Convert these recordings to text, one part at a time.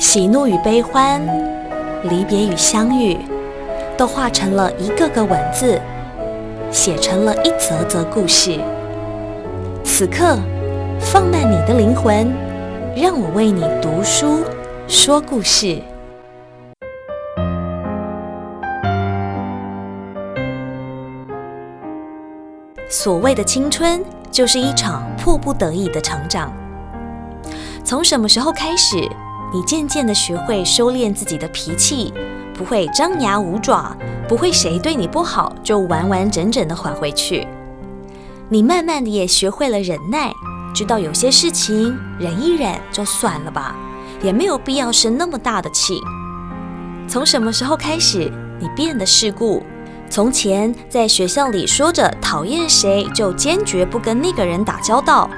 喜怒與悲歡，離別與相遇，都化成了一個個文字，寫成了一則則故事。此刻，放慢你的靈魂，讓我為你讀書，說故事。所謂的青春，就是一場迫不得已的成長。從什麼時候開始？你漸漸地學會收斂自己的脾氣，不會張牙舞爪，不會誰對你不好就完完整整的還回去。你慢慢的也學會了忍耐，知道有些事情忍一忍就算了吧，也沒有必要生那麼大的氣。從什麼時候開始，你變得世故？從前在學校裡說着討厭誰就堅決不跟那個人打交道，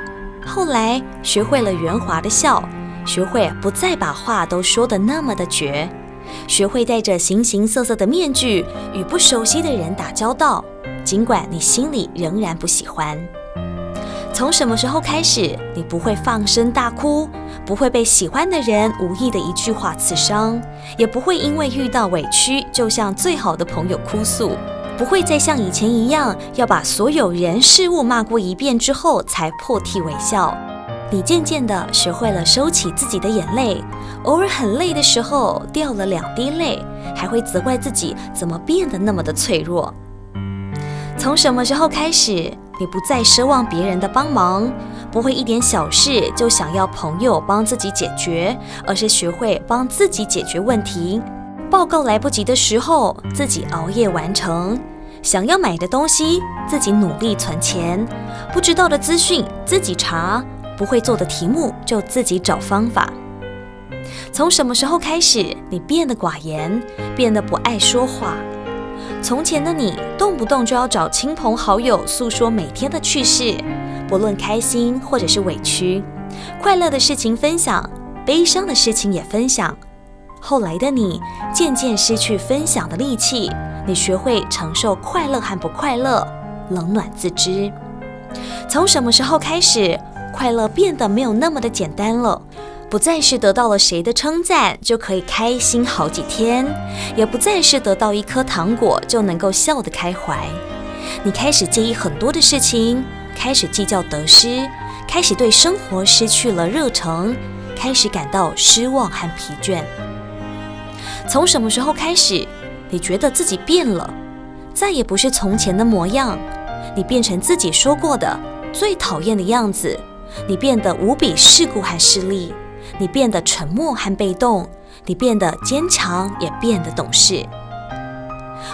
後來學會了圓滑的笑。學會不再把話都說得那麼的絕，學會戴着形形色色的面具與不熟悉的人打交道，儘管你心裡仍然不喜歡。從什麼時候開始，你不會放聲大哭，不會被喜歡的人無意的一句話刺傷，也不會因為遇到委屈就向最好的朋友哭訴，不會再像以前一樣要把所有人事物罵過一遍之後才破涕為笑。你漸漸地學會了收起自己的眼淚，偶爾很累的時候掉了兩滴淚，還會責怪自己怎麼變得那麼的脆弱。從什麼時候開始，你不再奢望別人的幫忙，不會一點小事就想要朋友幫自己解決，而是學會幫自己解決問題。報告來不及的時候，自己熬夜完成；想要買的東西，自己努力存錢；不知道的資訊，自己查。不會做的題目，就自己找方法。從什麼時候開始，你變得寡言，變得不愛說話？從前的你，動不動就要找親朋好友訴說每天的趣事，不論開心或者是委屈，快樂的事情分享，悲傷的事情也分享。後來的你，漸漸失去分享的力氣，你學會承受快樂和不快樂，冷暖自知。從什麼時候開始？快樂變得沒有那麼的簡單了，不再是得到了誰的稱讚就可以開心好幾天，也不再是得到一顆糖果就能夠笑得開懷。你開始介意很多的事情，開始計較得失，開始對生活失去了熱忱，開始感到失望和疲倦。從什麼時候開始，你覺得自己變了，再也不是從前的模樣，你變成自己說過的最討厭的樣子。你變得無比世故和勢利，你變得沉默和被動，你變得堅強，也變得懂事。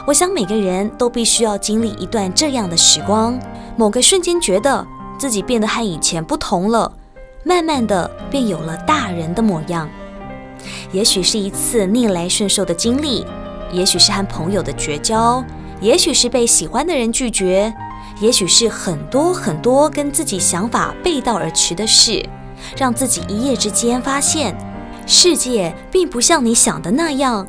我想每個人都必須要經歷一段這樣的時光，某個瞬間覺得自己變得和以前不同了，慢慢地便有了大人的模樣。也許是一次逆來順受的經歷，也許是和朋友的絕交，也許是被喜歡的人拒絕。也許是很多很多跟自己想法背道而馳的事，讓自己一夜之間發現，世界並不像你想的那樣。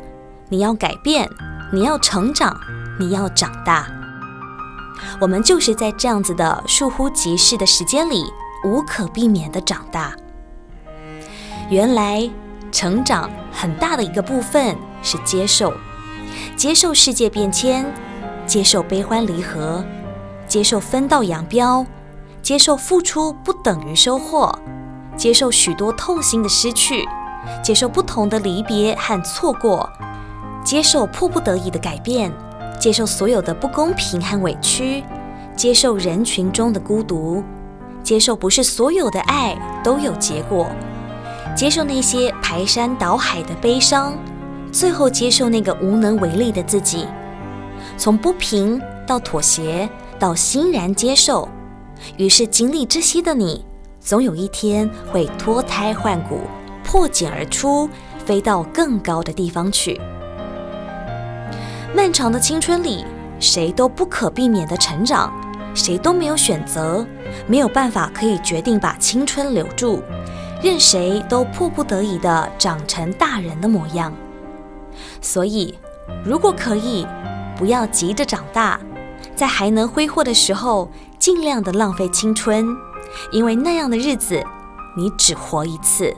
你要改變，你要成長，你要長大。我們就是在這樣子的倏忽即逝的時間裡，無可避免地長大。原來，成長很大的一個部分是接受，接受世界變遷，接受悲歡離合。接受分道揚鑣，接受付出不等於收穫，接受許多痛心的失去，接受不同的離別和錯過，接受迫不得已的改變，接受所有的不公平和委屈，接受人群中的孤獨，接受不是所有的愛都有結果，接受那些排山倒海的悲傷，最後接受那個無能為力的自己，從不平到妥協。到欣然接受，於是經歷窒息的你，總有一天會脫胎換骨，破繭而出，飛到更高的地方去。漫長的青春裡，誰都不可避免的成長，誰都沒有選擇，沒有辦法可以決定把青春留住，任誰都迫不得已的長成大人的模樣。所以，如果可以，不要急着長大。在還能揮霍的時候，盡量的浪費青春，因為那樣的日子，你只活一次。